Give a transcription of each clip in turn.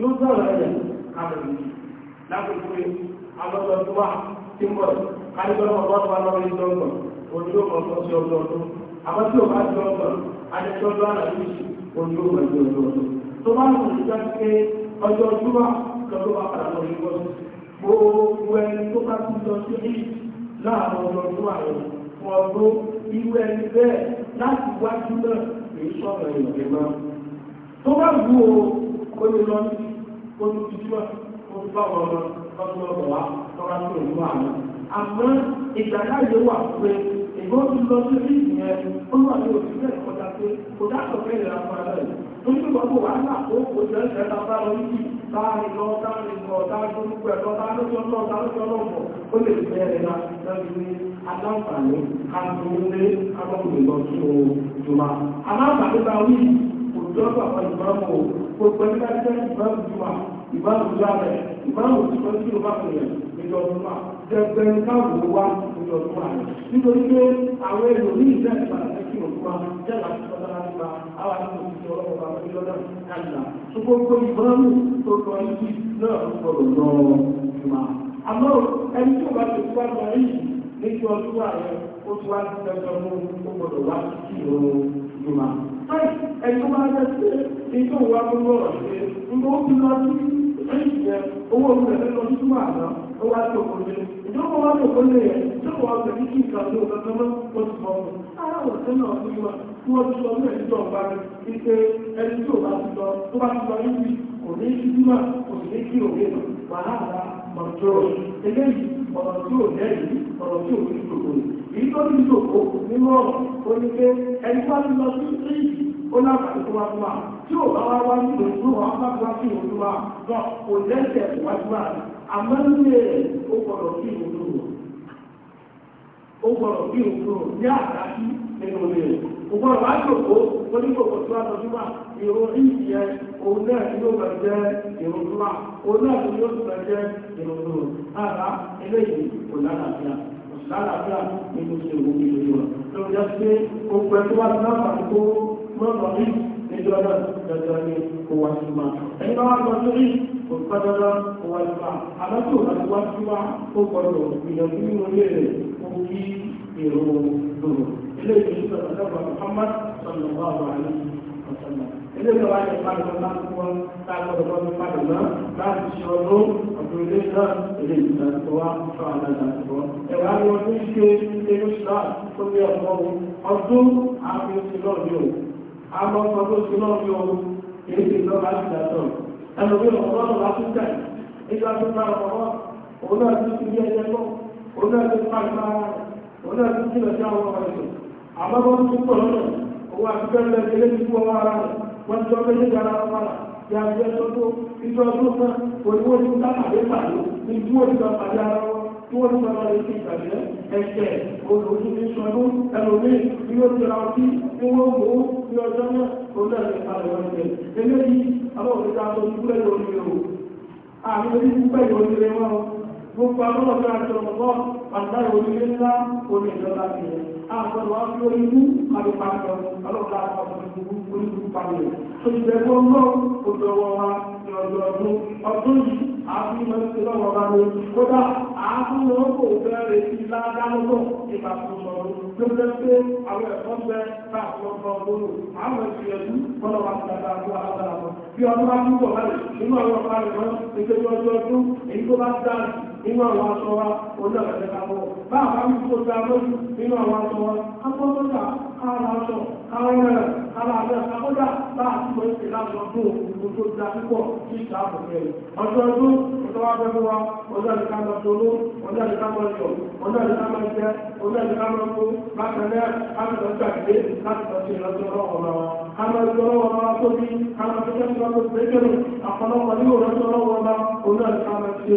yóò sọ̀rọ̀ ẹ̀yẹ̀ káàkiri lákòókò alọ́dọ̀dúwà tí ń bọ̀ kárígbọ́n ọ̀pọ̀ ọ̀pọ̀ lọ́wọ́ ní dọ́gbọ̀n ojú ọmọ sí ọdọọdún àmọ́ tí o bá jọ ọgbọ̀n adẹ́tọ́jú aláìsí ojú ọmọ sí ọdọọdún tó bá lọ sí pé ọjọ́ ọdúnwà lọ́dún bá padà lọ yíwọ́ gbogbo ẹni tó bá ti lọ sí ní láàrin ọjọ́ ó ti fi júwà ó ti bá wọn lọ lọ́dún ọ̀dọ̀ wa tọ́ra sí òun àná. àmọ́ ìgbà láyé wà pé ìgbọ́n ti lọ sí orí ìyẹn ó wà ní òsì bẹ́ẹ̀ kọjá pé kò dákọ̀ bẹ́ẹ̀ lọ́la fún ara rẹ̀. ó ní gbogbo wàhálà ó kò jẹ́ ìṣẹ́ ta bá lọ yìí táàrin lọ táàrin bọ̀ táàrin tó gbogbo ẹ̀kọ́ táàrin tó lọ táàrin tó lọ bọ̀ ó lè bẹ̀rẹ̀ la lọ́dún ní aláǹfààní àtúnlé agbọ́kùnrin lọ sí òun jùlọ. aláǹfààní ta wí lọ́dọ̀ àwọn ìmáàmù o gbogbo ẹni bá jẹ́ ìmáàmù jùmọ̀ ìmáàmù lálẹ́ ìmáàmù tí wọ́n ti máa pè é níjọ jùmọ̀ jẹgbẹ́ káwọn wá níjọ jùmọ̀ rẹ̀ nítorí pé àwọn èrò ní ìjẹ́ ìgbà ẹ̀kí òkúwa jẹ́ láti sọ́dá láti gba àwọn àti òṣìṣẹ́ ọlọ́pàá bá wọlé lọ́dọ̀ àgbà tó gbogbo ìmáàmù tó kọ ibi náà gbọdọ̀ lọ jùmọ̀ àmọ́ ẹni tó bá ti gbàgbọ́ yìí níbi ọdún wà rẹ ó tún wá sí ẹjọ́ mú ó gbọ́dọ̀ wá sí ìrọ̀rùn ìjọba. báyìí ẹni wá rẹ pé nígbà òun wá gbogbo ọ̀rọ̀ ṣe nígbà ó ti lọ sí ìṣẹ́ owó rẹ̀ lẹ́nu ọdún wà náà ó wá tó kó lé ìjọba wá tó kó lé yẹn ìjọba wá pẹ̀lú kí nǹkan tó kankan mọ́ ó ti bọ̀ ọ́n. aláwọ̀ tẹ́ náà ti wá kí wọ́n ti sọ ní ẹ̀jọ́ ọ̀gá rẹ̀ wípé ẹni tí ò bá ti lọ tó bá ti lọ níbi kò ní í sí wà kò sì ní kí òwe wàhálà mọ̀jọ́ eléyìí ọ̀rọ̀ tí ò lẹ́yìn ọ̀rọ̀ tí ò ní ìjòkó èyí tó ní ìjòkó nínú ọ̀rọ̀ ó ní pé ẹni wá lọ sí ìrìsì ó láǹfààní tó wá fún wa tí ò bá wá wá ní ìlú wọn bá wá sí ìlú wa lọ kò lẹ́sẹ̀ wájú wa àmọ́ nílé ó gbọ́dọ̀ sí ìlú ní àdájú nínú ògbọ́n wá jòkó onígbòkò tó wá tọ́júmọ́ ìrò ìyẹ òun náà ni yóò máa jẹ́ ìrò tó wà òun náà ni yóò máa jẹ́ ìrò tó wà lára eléyìí kò lálàáfíà kò lálàáfíà nínú ṣe òun ní ìlú wa ló jẹ́ pé ó pẹ́ tó wá sí láǹfààní tó lọ́nà rí níjọ́ náà dandan ni kò wá sí ma ẹni bá wá lọ sórí kò pẹ́ irú dòrò ilé ìṣẹ́ sọ̀rọ̀ Muhammad sallallahu alaihi wa sallam ilé ìṣẹ́ wáyé ìpàdé náà kú wọn táàgbọ̀dọ̀ wọn ní pàdé náà láti ṣe ọdún ọdún ilé náà ilé ìṣẹ́ tó wá sọ àdáda tó ẹ̀wà ni wọ́n ti ṣe ilé ìṣẹ́ tó bí ọ̀pọ̀ ọdún àfi oṣù náà ní o àmọ́ ọdún oṣù náà ní o èyí ti lọ́ láti dàtọ̀ ẹnu bí ọ̀pọ̀lọpọ̀ láti tẹ̀ nígbà tó bá ọ̀pọ̀ òun náà ti fi ẹ̀jẹ̀ náà òun náà ti pàgbà òun náà ti jìnà sí àwọn ọmọ ẹ̀sùn àmọ́ bọ́n tún pọ̀ lọ́nà owó àfikẹ́ lẹ́sẹ̀ lẹ́sẹ̀ fún ọmọ ara rẹ̀ wọ́n ti ọgbẹ́ nígbà ara wọn padà bí a ti ẹjọ́ tó ìjọ ọdún kan òyìnbó ti ká pàdé pàdé ní bí wọ́n ti gba pàdé ara wọn tí wọ́n ti gba lè fi ìgbàgbẹ́ ẹ̀ṣẹ̀ olùdókòwò ti sọdún ẹlòmíì bí ó ti ra ọtí tí wọ́n mú ní gbogbo àwọn ọ̀dọ́ àti ọ̀pọ̀ àgbáyé orílẹ̀ ńlá orí ìjọba ti rẹ̀ àwọn àti orí inú àdìpapọ̀ ọlọ́pàá àpapọ̀ ìgbogbo orílẹ̀ pàdé tó ti bẹ̀rẹ̀ ọgbọ́n òjòwọ́ wa ní ọjọ́ ọdún ọdún yìí àfihàn ti lọ́wọ́ bá lórí kódà àáfún ọkọ̀ òbẹ̀rẹ̀ ti ládánúkọ̀ nípa tó sọ̀rọ̀ ló jẹ́ pé àwọn ẹ̀kọ́ bẹ káàkọ́kọ́ lóòrò àwọn ìṣẹ̀lú bọ́lọ̀ wà tàbí àwọn aláàbọ̀ bí ọdún bá túbọ̀ báyìí nínú àwọn ọ̀pá rẹ̀ mọ́ ìgbẹ́jọ́ ọdún èyí tó bá dáàbì nínú àwọn aṣọ wa onílọ̀rẹ̀ káwọn aṣọ káwọn ẹ̀rọ káwọn àjọ ìṣàkójá láà tí wọ́n ṣe láti ọdún òkùnkùn tó dá púpọ̀ sí ìṣàbò rẹ̀ ọjọ́ ọdún ọjọ́ wa fẹ́ wa ọjọ́ ìkámọ́ toló ọjọ́ ìkámọ́ yọ ọjọ́ ìkámọ́ jẹ ọjọ́ ìkámọ́ tó bákan náà káwọn ìlọ gbàgbé láti lọ sí ìlọsí ọlọ́wọ́ lọ káwọn ìlọ ọlọ́wọ́ lọ tó bí káwọn tó tẹ́sí lọ tó gbẹ́jọ́rò àpọ̀lọpọ̀ ní òrọ́sọ ọlọ́wọ́ lọ ọjọ́ ìkámọ́ ṣe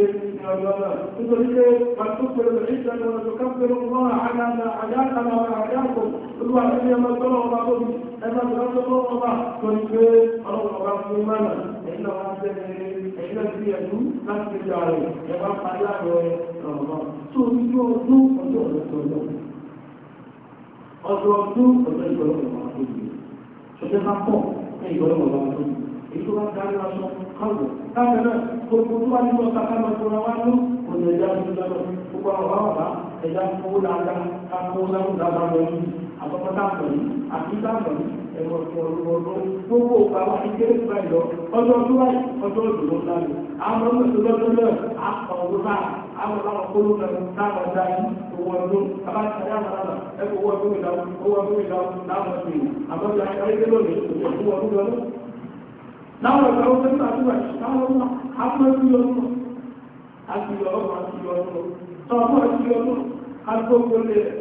nítorí pé wàtúkùrù ìṣẹ́lẹ̀ ọ̀rọ̀ tó kápẹ́rù wọn àgbàgbà àyàkàlà ọ̀rọ̀ àyàkùn olúwa ní ẹmọ tọ́lọ́ ọba tó bí ẹgbẹ́ tó lọ́tọ́ tọ́lọ́ ọba tó ní pé ọlọ́wọ́ ọba fún mọ́nà ẹ̀yìn náà wọ́n tẹ́lẹ̀ ẹ̀yìn náà sí ẹ̀dú láti fi jà rẹ̀ ẹ̀wá parí àbọ̀ rẹ̀ ọ̀rọ̀ tó ní bí ọdún ọjọ́ ọ̀dọ́ ọjọ́ ọdún ọjọ́ ìgbọ́lọ́wọ́ ọba tó bí ọjọ́ bá pọ̀ ní ìgbọ́lọ́wọ́ ọba tó bí ètò wa dárí wa sọ káwọ̀ láti náà gbogbo tó wà nínú ọ̀sán ká máa tóra wá kò ní ẹja ní ìjọba gbogbo àwọn bàbá ẹja kó lára ká kó lára dábàá lọ àkọ́kọ́tà pọ̀lú àtúntà pọ̀lú ẹ̀rọ ọ̀pọ̀ ọ̀rọ̀ gbogbo àwọn ìkéré tó báyìí lọ ọjọ́ tó wáyé ọjọ́ òdòdó ńlá lọ àwọn ọmọ tó lọ́jọ́ náà àpọ̀ owó náà àwọn ọmọ kóló náà táwọn ọjà yìí owó ọdún abájáde àwọn àlà ẹ̀kọ́ owó ọdún ìdáwó owó ọdún ìdáwó láwọn ọdún yìí àbọ̀dọ̀ ayé lónìí owó ọdún lọ́dún láwọn ọ̀gá ó fẹ́ sàdúrà láwọn ọmọ afọ́jú ọdún àti ọmọ àti ọdún tọ́ ọmọ àti ọdún agbógbó lé rẹ̀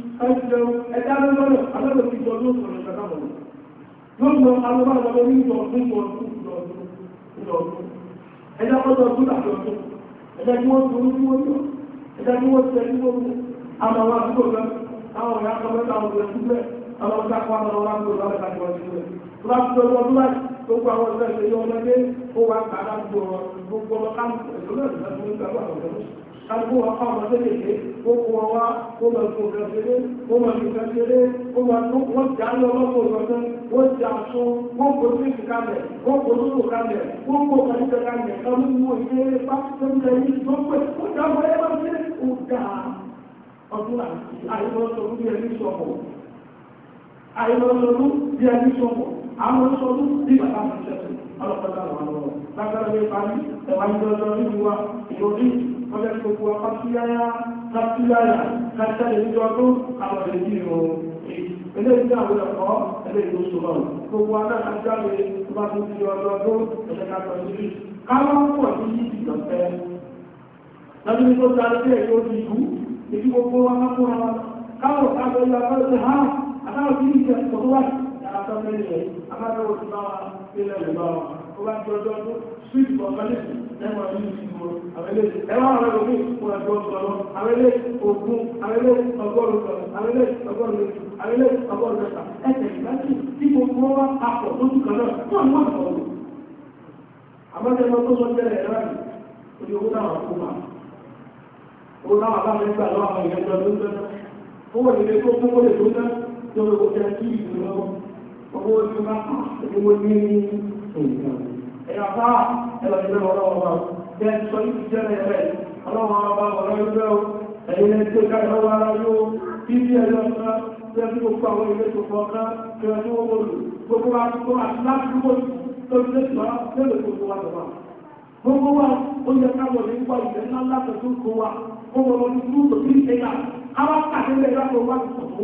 ẹ̀jẹun ẹ̀dá lọ́nà alọ́dọ̀ ti jọ lóòtù ọ̀rọ̀ ìjọba wọn yóò lọ alọ́bà lọ́wọ́ ní ìjọ ọdún ìjọ ọdún ìjọ ọdún ìjọ ọdún ẹ̀dá ọdún ọdún àti ọdún ẹ̀dá tí wọ́n tún ní wọ́n yọ ẹ̀dá tí wọ́n tẹ̀ ní wọ́n mú àwọn àwọn àdúgbò rẹ̀ àwọn ọ̀rẹ́ akọ̀mẹ́ta àwọn ọ̀rẹ́ sílẹ̀ àwọn ọ̀rẹ́ gbogbo àwọn ọ̀sẹ̀ ìṣẹ̀lẹ̀ ọmọdé ó wà ń gbogbo ọmọ bí ẹni sọ̀rọ̀ àwọn oníṣòwò ní bàbá àmọ́ṣẹ́sì ọlọ́pàá àwọn ọmọ lágbára lè parí ẹ̀wà ìjọjọ nínú wa ìròrí ọjọ́ gbogbo wa kásíláyà kásíláyà kásíláyà níjọ tó àwọn èyí rọ ilé ìjọ àwọn ẹ̀kọ́ ẹlẹ́ ìlú sọ̀rọ̀ gbogbo wa náà kásíláyà tó bá tún fi ọjọ́ tó ẹ̀ṣẹ̀ kásọ̀ sí káwọn ẹ̀yọ́ ti ìlú èyí gbogbo wa káwọn káwọn káwọn ìlú àkọ́ṣe ha àtàwọn ìlú ìjọ̀fẹ́ asọ́mẹ́lì rẹ̀ amáyọ̀wò ti bá wa sílẹ̀ rẹ̀ bá wa ó bá jọ ọjọ́ tó sweet for college lẹ́wọ̀n ní ìdìbò àwẹ́lẹ́ ẹ̀wọ̀n àwọn ẹlòmí wọn ẹ̀jọ́ sọ̀rọ̀ àwẹ́lẹ́ ogún àwẹ́lẹ́ ọgọ́rùn sọ̀rọ̀ àwẹ́lẹ́ ọgọ́rùn lẹ́sùn àwẹ́lẹ́ ọgọ́rùn lẹ́sà ẹ̀sẹ̀ ìgbàjì tí gbogbo wọn bá papọ̀ lójú kan náà wọn wọn sọ̀rọ̀ àmọ́jẹ́ lọ tó sọ jẹ́rẹ̀ ẹ̀rọ àmì ojú owó náà kó máa owó náà bá mi gbà lọ́wọ́ àwọn ìyẹn lọ lóúnjẹ owó ojú bá owó ní nǹkan ẹ̀yà bá ẹ̀rọ ìlú ọlọ́wọ́ wa jẹ́ sọ ìlú jẹ́ rẹ̀ ọlọ́wọ́ bá ọ̀rọ̀ ìlú ẹ̀yìn ẹni tó ká ìlú ara yóò bí bí ẹ̀rọ ọ̀sán jẹ́ kí gbogbo àwọn ilé tó fọ́ ọ̀sán kí wọ́n tó wọ́n lò gbogbo àtúntò àti láti gbogbo tó ti lè tọ́ lẹ́lẹ̀ gbogbo wa lọ́wọ́ gbogbo wa ó yẹ ká wọ̀ nípa ìfẹ́ ńlá látọ̀ tó kó wa gbogbo wọn ní kúrò tó ti ń ṣe yà á wá kàdé lẹ́yìn láti wọ́n wá ti pọ̀ tó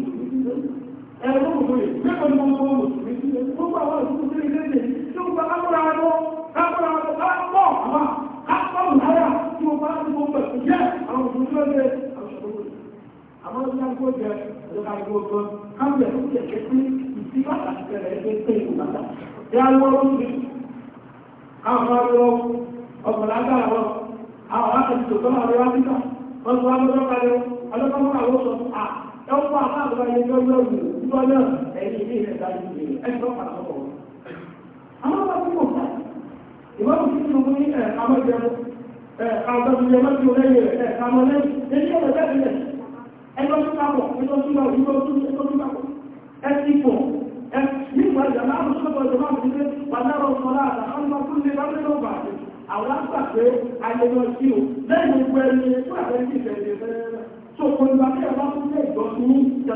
yá lọ́rọ́ sí káwọn ọ̀rọ̀ ọ̀pọ̀lá gbára lọ àwọn akẹ́kọ̀ọ́ tó máa rọra títà wọ́n tó wá lọ́rọ́ kalẹ̀ ọlọ́pàá àwọn sọ à ẹ̀wọ́n fún àwọn àgbà ilé tó lọ́rù nígbà náà ẹ̀yìn ilé rẹ̀ dájú ìgbèrè ẹ̀sìn ọ̀pàá lọ́pọ̀ wọn. àwọn ọba tó mọ̀ ká ìwọ́n ti fi mú ní ẹ̀ àwọn ìjẹun ẹ̀ àwọn ọba tó yẹ mọ́tò lẹ́yìn ẹ̀ àwọn lẹ́yìn ẹ̀yìn ẹ̀rọ àgbà kan lọ fún mi lọ́dún ló bà mí àwọn àgbà pé ayẹyẹ sí o lẹ́yìn gbogbo ẹni fún àbẹ́sí ìfẹ̀sẹ̀ tó kọ ìgbà tí ẹ bá tún fẹ́ ìjọ sí sí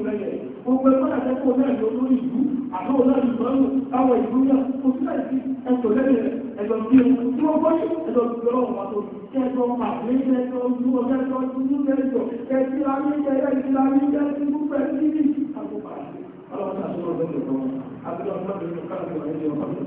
ìrẹ́lẹ̀ gbogbo ẹgbẹ́ àjẹ́ kó náà ló lórí ìlú àbí òun náà ìgbọ́n lò táwọn ìlú náà kò sí láìsí ẹ̀sọ̀ lẹ́yìn ẹ̀sọ̀ sí ewu tí wọ́n gbọ́ sí ẹ̀sọ̀ sí ọ̀rọ̀ wọn tó kẹ́ẹ̀tọ́ pàdé ẹ̀sọ̀ ojú ọjọ́ ẹ̀sọ̀ ojú ẹ̀sọ̀ ẹ̀sí ayé ẹ̀yà ìsí ayé ẹ̀sí gbogbo ẹ̀sí ní àkókò àti ọlọ́run àti ọlọ́run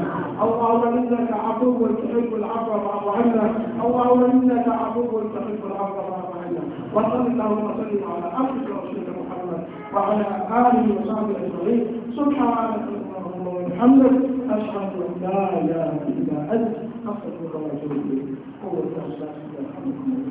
اللهم انك عفو تحب العفو فاعف عنا اللهم انك عفو تحب العفو فاعف عنا وصل اللهم وسلم على عبدك ورسولك محمد وعلى اله وصحبه اجمعين سبحانك اللهم وبحمدك اشهد ان لا اله الا انت استغفرك واتوب اليك قوه الله